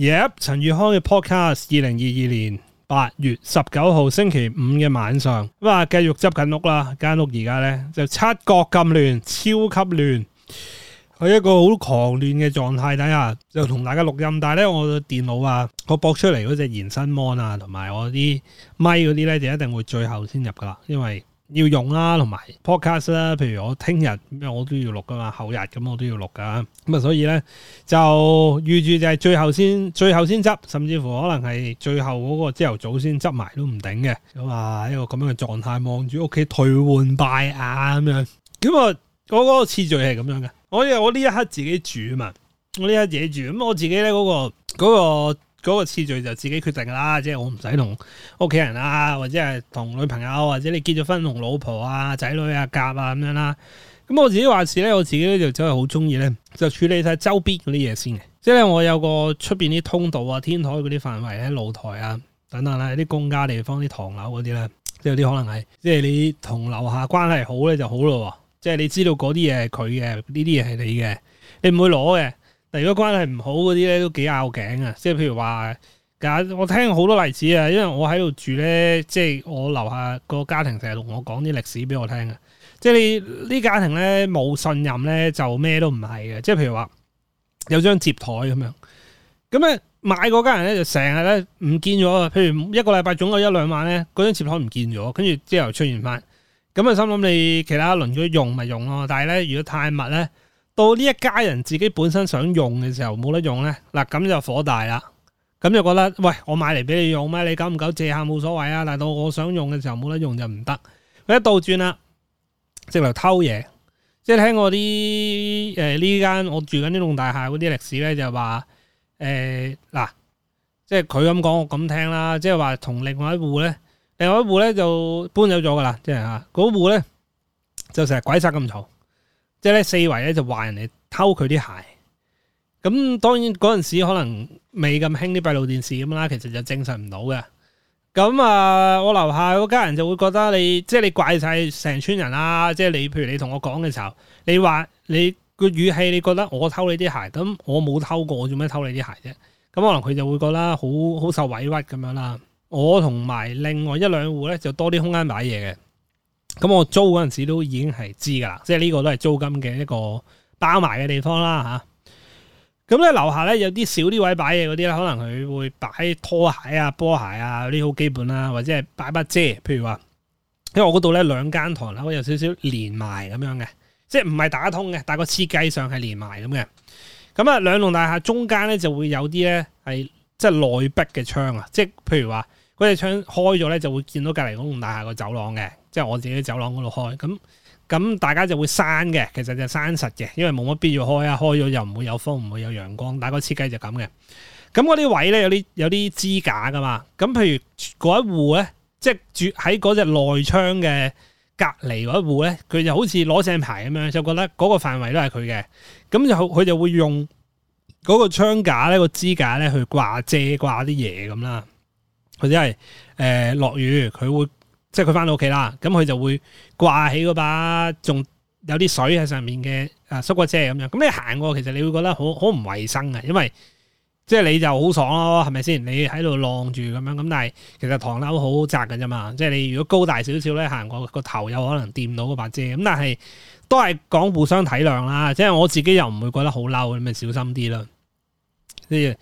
耶！Yep, 陳宇康嘅 podcast，二零二二年八月十九號星期五嘅晚上，咁啊繼續執緊屋啦。間屋而家咧就七國咁亂，超級亂，喺一個好狂亂嘅狀態底下，就同大家錄音。但係咧，我電腦啊，我播出嚟嗰隻延伸 Mon 啊，同埋我啲咪嗰啲咧，就一定會最後先入噶啦，因為。要用啦，同埋 podcast 啦，譬如我聽日咩我都要錄噶嘛，後日咁我都要錄噶，咁啊所以咧就預住就係最後先，最後先執，甚至乎可能係最後嗰個朝頭早先執埋都唔頂嘅，咁啊一個咁樣嘅狀態，望住屋企頹垣敗瓦咁樣，咁啊嗰個次序係咁樣嘅，我又我呢一刻自己煮啊嘛，我呢一刻自己煮。咁我自己咧嗰個嗰個。嗰個嗰個次序就自己決定啦，即係我唔使同屋企人啊，或者係同女朋友，或者你結咗婚同老婆啊、仔女啊、夾啊咁樣啦。咁我自己話事咧，我自己咧就真係好中意咧，就處理晒周邊嗰啲嘢先嘅。即係我有個出邊啲通道啊、天台嗰啲範圍咧、露台啊等等啦、啲公家地方、啲唐樓嗰啲咧，即係有啲可能係即係你同樓下關係好咧就好咯。即係你知道嗰啲嘢係佢嘅，呢啲嘢係你嘅，你唔會攞嘅。如果關係唔好嗰啲咧，都幾拗頸啊！即係譬如話，我聽好多例子啊，因為我喺度住咧、就是，即係我樓下個家庭成日同我講啲歷史俾我聽嘅。即係你呢家庭咧冇信任咧，就咩都唔係嘅。即係譬如話有張折台咁樣，咁咧買嗰家人咧就成日咧唔見咗。譬如一個禮拜總有一兩晚咧，嗰張折台唔見咗，跟住之後出現翻咁啊心諗你其他鄰居用咪用咯。但係咧如果太密咧。到呢一家人自己本身想用嘅時候冇得用咧，嗱咁就火大啦，咁就覺得喂，我買嚟俾你用咩？你夠唔夠借下冇所謂啊？但到我想用嘅時候冇得用就唔得，佢一倒轉啦，直頭偷嘢。即係聽過啲誒，呢間我住緊呢棟大廈嗰啲歷史咧就話誒嗱，即係佢咁講我咁聽啦，即係話同另外一戶咧，另外一戶咧就搬走咗噶啦，即係吓嗰戶咧就成日鬼殺咁嘈。.即係咧四圍咧就話人哋偷佢啲鞋，咁當然嗰陣時可能未咁興啲閉路電視咁啦，其實就證實唔到嘅。咁啊，我樓下嗰家人就會覺得你即係你怪晒成村人啦。即係你譬如你同我講嘅時候，你話你個語氣，你覺得我偷你啲鞋，咁我冇偷過，我做咩偷你啲鞋啫？咁可能佢就會覺得好好受委屈咁樣啦。我同埋另外一兩戶咧就多啲空間擺嘢嘅。咁我租嗰陣時都已經係知噶啦，即係呢個都係租金嘅一個包埋嘅地方啦吓。咁咧樓下咧有啲少啲位擺嘢嗰啲啦，可能佢會擺拖鞋啊、波鞋啊嗰啲好基本啦、啊，或者係擺把遮。譬如話，因為我嗰度咧兩間堂啦，有少少連埋咁樣嘅，即係唔係打通嘅，但係個設計上係連埋咁嘅。咁、嗯、啊，兩、嗯、棟大廈中間咧就會有啲咧係即係內壁嘅窗啊，即係譬如話嗰隻窗開咗咧，就會見到隔籬嗰棟大廈個走廊嘅。即係我自己走廊嗰度開，咁咁大家就會閂嘅，其實就閂實嘅，因為冇乜必要開啊，開咗又唔會有風，唔會有陽光，但係個設計就咁嘅。咁嗰啲位咧有啲有啲支架噶嘛，咁譬如嗰一戶咧，即係住喺嗰隻內窗嘅隔籬嗰一戶咧，佢就好似攞正牌咁樣，就覺得嗰個範圍都係佢嘅，咁就佢就會用嗰個窗架咧、嗰個支架咧去掛遮掛啲嘢咁啦，或者係誒落雨佢會。即係佢翻到屋企啦，咁佢就會掛起嗰把仲有啲水喺上面嘅啊，縮骨遮咁樣。咁你行過，其實你會覺得好好唔衛生嘅，因為即係你就好爽咯，啊，係咪先？你喺度晾住咁樣，咁但係其實唐樓好窄噶啫嘛。即係你如果高大少少咧，行過個頭有可能掂到嗰把遮。咁但係都係講互相體諒啦。即係我自己又唔會覺得好嬲，咁咪小心啲啦。即係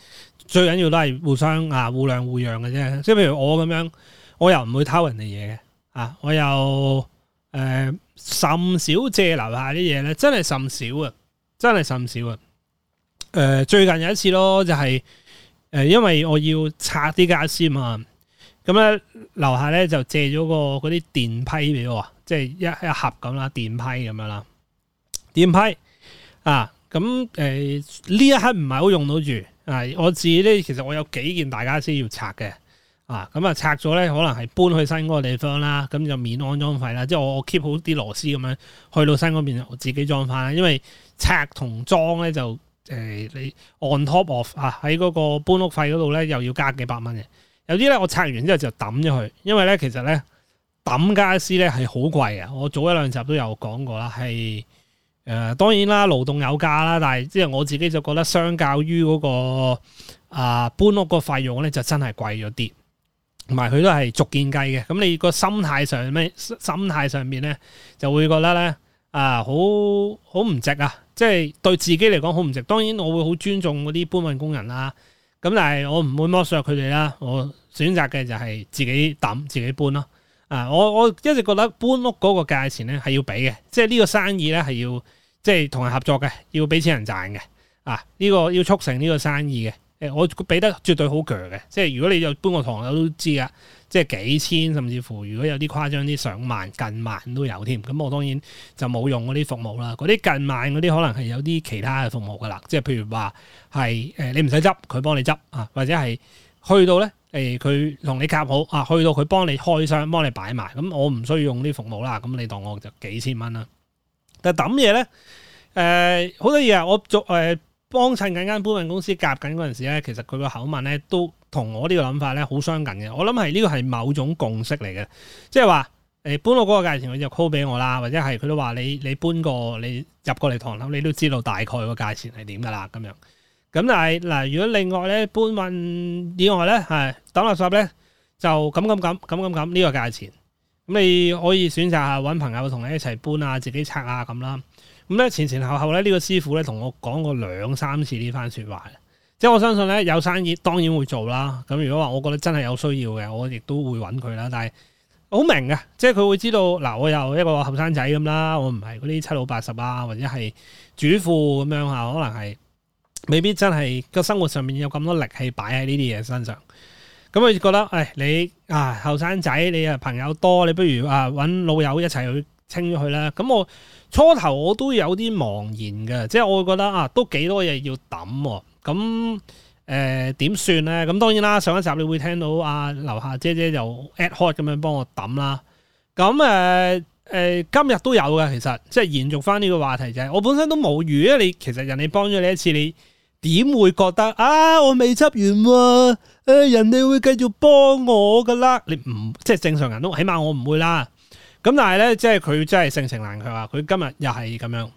最緊要都係互相啊互諒互讓嘅啫。即係譬如我咁樣。我又唔會偷人哋嘢嘅，啊！我又誒、呃、甚少借樓下啲嘢咧，真係甚少啊，真係甚少啊。誒、呃，最近有一次咯，就係、是、誒、呃，因為我要拆啲家私嘛，咁咧樓下咧就借咗個嗰啲電批俾我，即係一一盒咁啦，電批咁樣啦，電批啊，咁誒呢一刻唔係好用到住啊！我自己咧，其實我有幾件大家私要拆嘅。啊，咁啊拆咗咧，可能係搬去新嗰個地方啦，咁就免安裝費啦。即係我我 keep 好啲螺絲咁樣，去到新嗰邊我自己裝返。因為拆同裝咧就誒、呃、你 on top of 啊，喺嗰個搬屋費嗰度咧又要加幾百蚊嘅。有啲咧我拆完之後就抌咗佢，因為咧其實咧抌傢俬咧係好貴嘅。我早一兩集都有講過啦，係誒、呃、當然啦，勞動有價啦，但係即係我自己就覺得相較於嗰、那個啊、呃、搬屋個費用咧就真係貴咗啲。同埋佢都係逐件計嘅，咁你個心態上咩心態上面咧，就會覺得咧啊好好唔值啊！即係對自己嚟講好唔值。當然我會好尊重嗰啲搬運工人啦。咁但係我唔會剝削佢哋啦。我選擇嘅就係自己揼自己搬咯。啊，我我一直覺得搬屋嗰個價錢咧係要俾嘅，即係呢個生意咧係要即係同人合作嘅，要俾錢人賺嘅。啊，呢個要促成呢個生意嘅。誒我俾得絕對好勁嘅，即係如果你有搬個堂友都知㗎，即係幾千甚至乎如果有啲誇張啲上萬近萬都有添。咁我當然就冇用嗰啲服務啦，嗰啲近萬嗰啲可能係有啲其他嘅服務噶啦，即係譬如話係誒你唔使執，佢幫你執啊，或者係去到咧誒佢同你夾好啊，去到佢幫你開箱幫你擺埋，咁我唔需要用啲服務啦，咁你當我就幾千蚊啦。但係抌嘢咧誒好多嘢啊，我做誒。呃幫襯緊間搬運公司夾緊嗰陣時咧，其實佢個口吻咧都同我呢個諗法咧好相近嘅。我諗係呢個係某種共識嚟嘅，即係話誒搬到嗰個價錢佢就 call 俾我啦，或者係佢都話你你搬過你入過嚟唐樓，你都知道大概個價錢係點噶啦咁樣。咁但係嗱，如果另外咧搬運以外咧，係抌垃圾咧就咁咁咁咁咁咁呢個價錢，咁你可以選擇下搵朋友同你一齊搬啊，自己拆啊咁啦。咁咧前前後後咧呢個師傅咧同我講過兩三次呢番說話，即係我相信咧有生意當然會做啦。咁如果話我覺得真係有需要嘅，我亦都會揾佢啦。但係我好明嘅，即係佢會知道嗱，我又一個後生仔咁啦，我唔係嗰啲七老八十啊，或者係主婦咁樣吓，可能係未必真係個生活上面有咁多力氣擺喺呢啲嘢身上。咁佢覺得誒，你啊後生仔，你啊朋友多，你不如啊揾老友一齊去清咗佢啦。咁我。初頭我都有啲茫然嘅，即係我會覺得啊，都幾多嘢要抌，啊，咁誒點算咧？咁當然啦，上一集你會聽到啊，樓下姐姐又 at hot 咁樣幫我抌啦。咁誒誒，今日都有嘅。其實即係延續返呢個話題就係，是，我本身都冇語啊。你其實人哋幫咗你一次，你點會覺得啊？我未執完喎，啊，誒、呃，人哋會繼續幫我噶啦。你唔即係正常人都，起碼我唔會啦。咁但係咧，即係佢真係性情難卻啊！佢今日又係咁樣。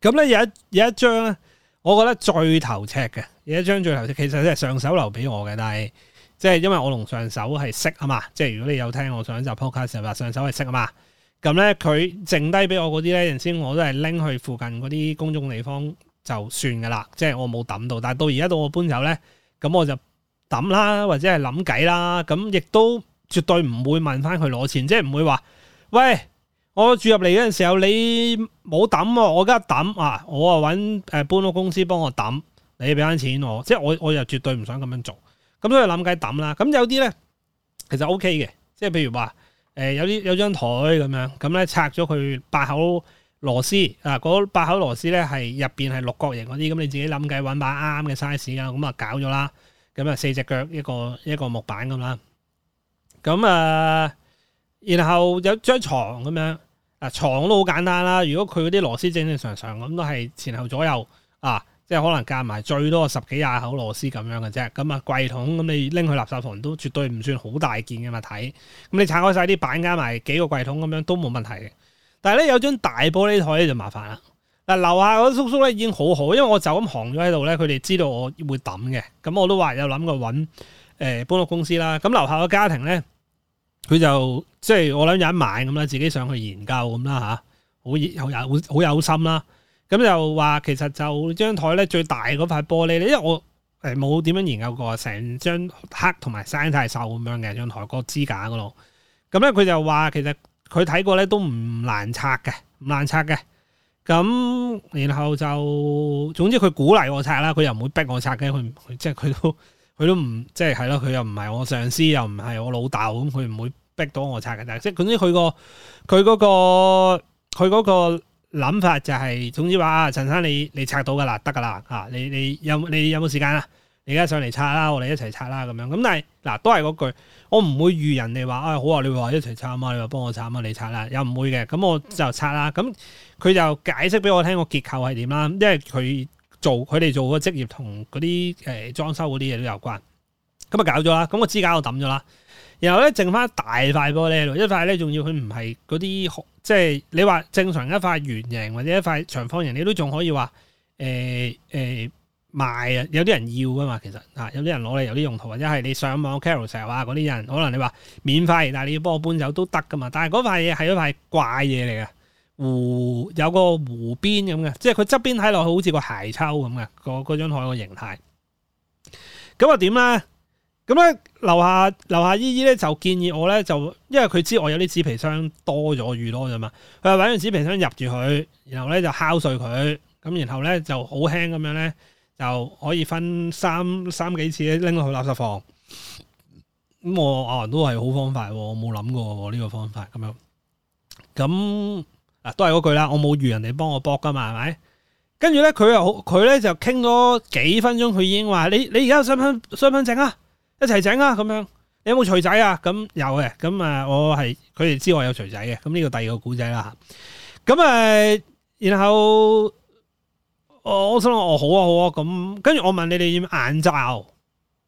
咁咧，有一有一張咧，我覺得最頭赤嘅，有一張最頭赤，其實係上手留俾我嘅。但係即係因為我同上手係識啊嘛，即係如果你有聽我上一集 podcast 嘅話，上手係識啊嘛。咁咧佢剩低俾我嗰啲咧，陣先我都係拎去附近嗰啲公眾地方就算噶啦，即係我冇抌到。但係到而家到我搬走咧，咁我就抌啦，或者係諗計啦。咁亦都絕對唔會問翻佢攞錢，即係唔會話。喂，我住入嚟嗰陣時候，你冇抌喎，我而家抌啊，我啊揾誒搬屋公司幫我抌，你俾翻錢我，即係我我又絕對唔想咁樣做，咁都要諗計抌啦。咁有啲咧，其實 O K 嘅，即係譬如話誒、呃、有啲有張台咁樣，咁咧拆咗佢八口螺絲啊，嗰八口螺絲咧係入邊係六角形嗰啲，咁你自己諗計揾把啱嘅 size 㗎，咁啊搞咗啦，咁啊四隻腳一個一個，一個木板咁啦，咁啊。然後有張床咁樣，啊床都好簡單啦。如果佢嗰啲螺絲正正常常咁，都係前後左右啊，即係可能夾埋最多十幾廿口螺絲咁樣嘅啫。咁啊櫃桶咁你拎去垃圾房都絕對唔算好大件嘅嘛。睇咁你拆開晒啲板加埋幾個櫃桶咁樣都冇問題嘅。但係咧有張大玻璃台咧就麻煩啦。嗱樓下嗰叔叔咧已經好好，因為我就咁行咗喺度咧，佢哋知道我會抌嘅。咁我都話有諗過搵誒、呃、搬屋公司啦。咁樓下嘅家庭咧。佢就即係我諗有一晚咁啦，自己上去研究咁啦嚇，好、啊、有有好好有心啦。咁、啊嗯、就話其實就張台咧最大嗰塊玻璃咧，因為我誒冇點樣研究過成張黑同埋生太瘦咁樣嘅張台個支架嗰度。咁咧佢就話其實佢睇過咧都唔難拆嘅，唔難拆嘅。咁、嗯、然後就總之佢鼓勵我拆啦，佢又唔會逼我拆嘅，佢即係佢都。佢都唔即係係咯，佢又唔係我上司，又唔係我老豆，咁佢唔會逼到我拆嘅。但係即係總之佢個佢個佢個諗法就係、是，總之話啊，陳生你你拆到噶啦，得噶啦吓，你你有你有冇時間啊？你而家上嚟拆啦，我哋一齊拆啦，咁樣咁但係嗱都係嗰句，我唔會預人哋話啊好啊，你話一齊拆啊嘛，你話幫我拆啊嘛，你拆啦，又唔會嘅，咁我就拆啦。咁佢就解釋俾我聽個結構係點啦，因為佢。做佢哋做嘅職業同嗰啲誒裝修嗰啲嘢都有關，咁啊搞咗啦，咁個支架就抌咗啦，然後咧剩翻大塊玻璃喺度，一塊咧仲要佢唔係嗰啲即係你話正常一塊圓形或者一塊長方形，你都仲可以話誒誒賣啊，有啲人要噶嘛，其實啊有啲人攞嚟有啲用途，或者係你上網 Carousell 成日話嗰啲人，可能你話免費，但係你要幫我搬走都得噶嘛，但係嗰塊嘢係一塊怪嘢嚟嘅。湖有個湖邊咁嘅，即係佢側邊睇落去好似個鞋抽咁嘅，嗰張枱個形態。咁啊點咧？咁咧，樓下樓下姨姨咧就建議我咧，就因為佢知我有啲紙皮箱多咗淤多啫嘛。佢話搵張紙皮箱入住佢，然後咧就敲碎佢，咁然後咧就好輕咁樣咧就可以分三三幾次拎去垃圾房。咁、嗯、我阿雲、啊、都係好方法，我冇諗過呢、這個方法咁樣咁。嗱，都係嗰句啦，我冇預人哋幫我博㗎嘛，係咪？跟住咧，佢又好，佢咧就傾咗幾分鐘，佢已經話：你你而家有身份身份證啊？一齊整啊！咁樣，你有冇錘仔啊？咁、嗯、有嘅，咁、嗯、啊，我係佢哋知我有錘仔嘅，咁呢個第二個故仔啦嚇。咁、嗯、啊、嗯，然後我，我心諗我好啊好啊，咁、嗯、跟住我問你哋要眼罩。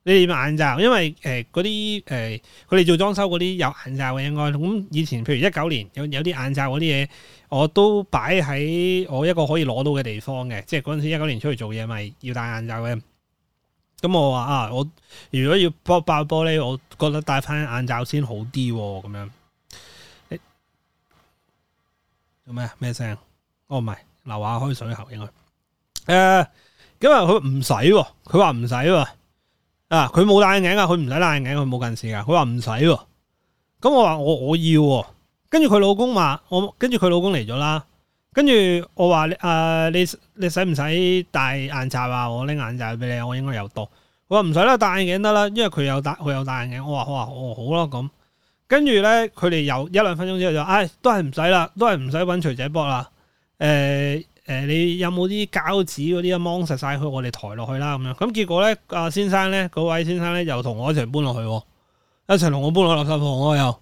你哋眼罩，因為誒嗰啲誒佢哋做裝修嗰啲有眼罩嘅，應該咁以前，譬如一九年有有啲眼罩嗰啲嘢，我都擺喺我一個可以攞到嘅地方嘅，即係嗰陣時一九年出嚟做嘢咪要戴眼罩嘅。咁、嗯、我話啊，我如果要破爆，爆玻璃，我覺得戴翻眼罩先好啲喎、哦。咁樣做咩咩聲？哦，唔係流下開水喉應該誒，咁啊佢唔使喎，佢話唔使喎。啊！佢冇戴眼鏡噶，佢唔使戴眼鏡，佢冇近視噶。佢話唔使喎，咁我話我我要喎。跟住佢老公話我，跟住佢老公嚟咗啦。跟住我話誒、呃，你你使唔使戴眼罩啊？我拎眼罩俾你，我應該有多。佢話唔使啦，戴眼鏡得啦，因為佢有戴，佢有戴眼鏡。我話哇、啊，哦好啦、啊、咁。跟住咧，佢哋有一兩分鐘之後就，唉、哎，都係唔使啦，都係唔使揾徐姐博啦。誒、呃。誒、呃，你有冇啲膠紙嗰啲啊？掹實晒去我哋抬落去啦，咁樣。咁結果咧，阿先生咧，嗰位先生咧，又同我一齊搬落去，一齊同我搬落垃圾房，我又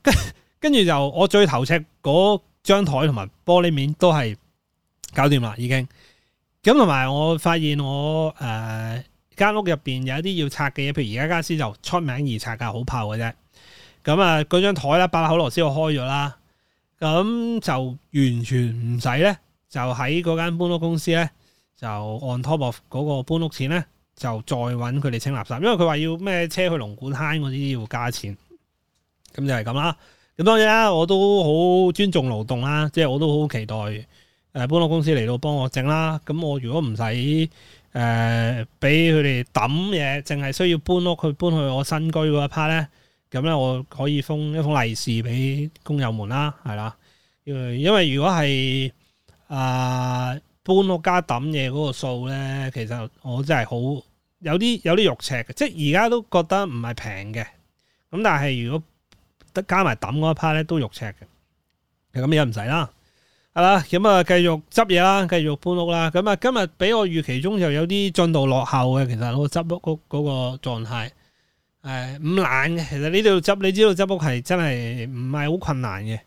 跟跟住就我最頭赤嗰張台同埋玻璃面都係搞掂啦，已經。咁同埋我發現我誒間、呃、屋入邊有一啲要拆嘅嘢，譬如而家家私就出名易拆噶，好炮嘅啫。咁啊，嗰張台啦，八粒口螺絲我開咗啦，咁就完全唔使咧。就喺嗰間搬屋公司咧，就按 top of 嗰個搬屋錢咧，就再揾佢哋清垃圾，因為佢話要咩車去龍鼓灘嗰啲要加錢，咁就係咁啦。咁當然啦，我都好尊重勞動啦，即係我都好期待誒搬屋公司嚟到幫我整啦。咁我如果唔使誒俾佢哋抌嘢，淨、呃、係需要搬屋去搬去我新居嗰一 part 咧，咁咧我可以封一封利是俾工友們啦，係啦，因為如果係。啊、呃、搬屋加抌嘢嗰個數咧，其實我真係好有啲有啲肉赤嘅，即係而家都覺得唔係平嘅。咁但係如果加埋抌嗰一 part 咧，都肉赤嘅。咁嘢唔使啦，係、嗯、啦。咁啊繼續執嘢啦，繼續搬屋啦。咁、嗯、啊今日比我預期中就有啲進度落後嘅。其實我執屋嗰嗰個狀態呃唔難嘅。其實呢度執，你知道執屋係真係唔係好困難嘅。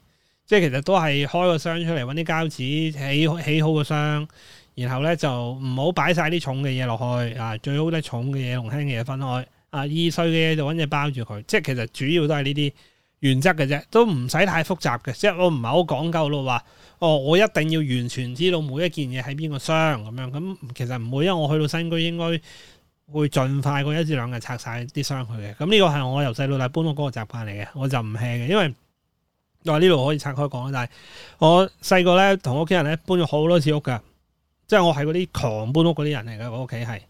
即係其實都係開個箱出嚟揾啲膠紙起起好個箱，然後咧就唔好擺晒啲重嘅嘢落去啊！最好咧重嘅嘢同輕嘅嘢分開啊！易碎嘅嘢就揾嘢包住佢。即係其實主要都係呢啲原則嘅啫，都唔使太複雜嘅。即係我唔係好講究到話哦，我一定要完全知道每一件嘢喺邊個箱咁樣。咁其實唔會，因為我去到新居應該會盡快過一至兩日拆晒啲箱去嘅。咁、嗯、呢、這個係我由細到大搬屋嗰個習慣嚟嘅，我就唔輕嘅，因為。嗱呢度可以拆開講，但係我細個咧同屋企人咧搬咗好多次屋㗎，即係我係嗰啲狂搬屋嗰啲人嚟嘅。我屋企係。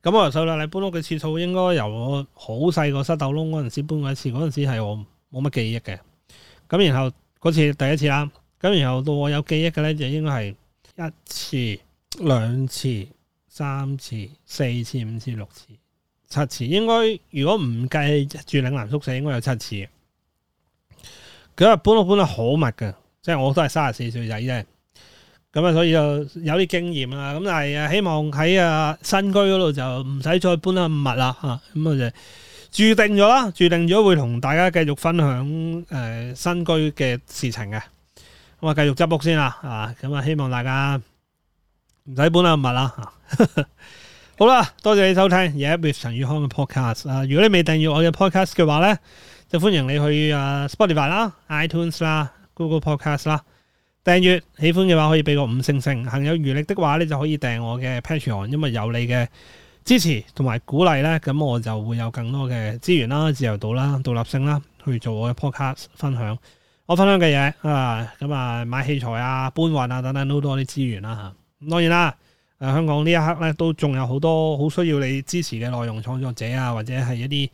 咁我由細到大搬屋嘅次數應該由我好細個失竇窿嗰陣時搬過一次，嗰陣時係我冇乜記憶嘅。咁然後嗰次第一次啦，咁然後到我有記憶嘅咧就應該係一次、兩次、三次、四次、五次、六次、七次，應該如果唔計住嶺南宿舍應該有七次。佢話搬屋搬得好密嘅，即係我都係三十四歲仔啫，咁啊，所以就有啲經驗啦。咁但係啊，希望喺啊新居嗰度就唔使再搬得咁密啦。吓、啊，咁啊就注定咗啦，注定咗會同大家繼續分享誒、呃、新居嘅事情嘅。咁啊，繼續執屋先啦。啊，咁啊，希望大家唔使搬得咁密啦。啊、 好啦，多謝你收聽《嘢 with 陳宇康嘅 podcast》啊。如果你未訂閱我嘅 podcast 嘅話咧。即歡迎你去啊 Spotify 啦、iTunes 啦、Google Podcast 啦，訂閱喜歡嘅話可以俾個五星星。行有餘力嘅話咧，你就可以訂我嘅 Patreon，因為有你嘅支持同埋鼓勵咧，咁我就會有更多嘅資源啦、自由度啦、獨立性啦，去做我嘅 Podcast 分享。我分享嘅嘢啊，咁啊買器材啊、搬運啊等等，都多啲資源啦吓。當然啦，誒、呃、香港呢一刻咧，都仲有好多好需要你支持嘅內容創作者啊，或者係一啲。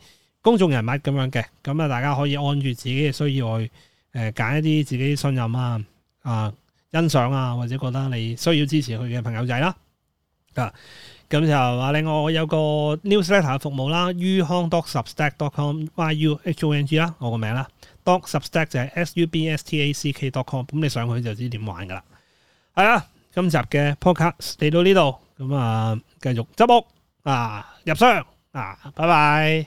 公眾人物咁樣嘅，咁啊，大家可以按住自己嘅需要去，誒揀一啲自己信任啊、啊欣賞啊，或者覺得你需要支持佢嘅朋友仔啦。啊，咁就啊，另外我有個 newsletter 嘅服務啦，y hong dot substack dot com y u h o n g 啦，我個名啦。dot substack 就係 s u b s t a c k dot com，咁你上去就知點玩噶啦。係啊，今集嘅 podcast 嚟到呢度，咁啊，繼續執屋啊，入箱啊，拜拜。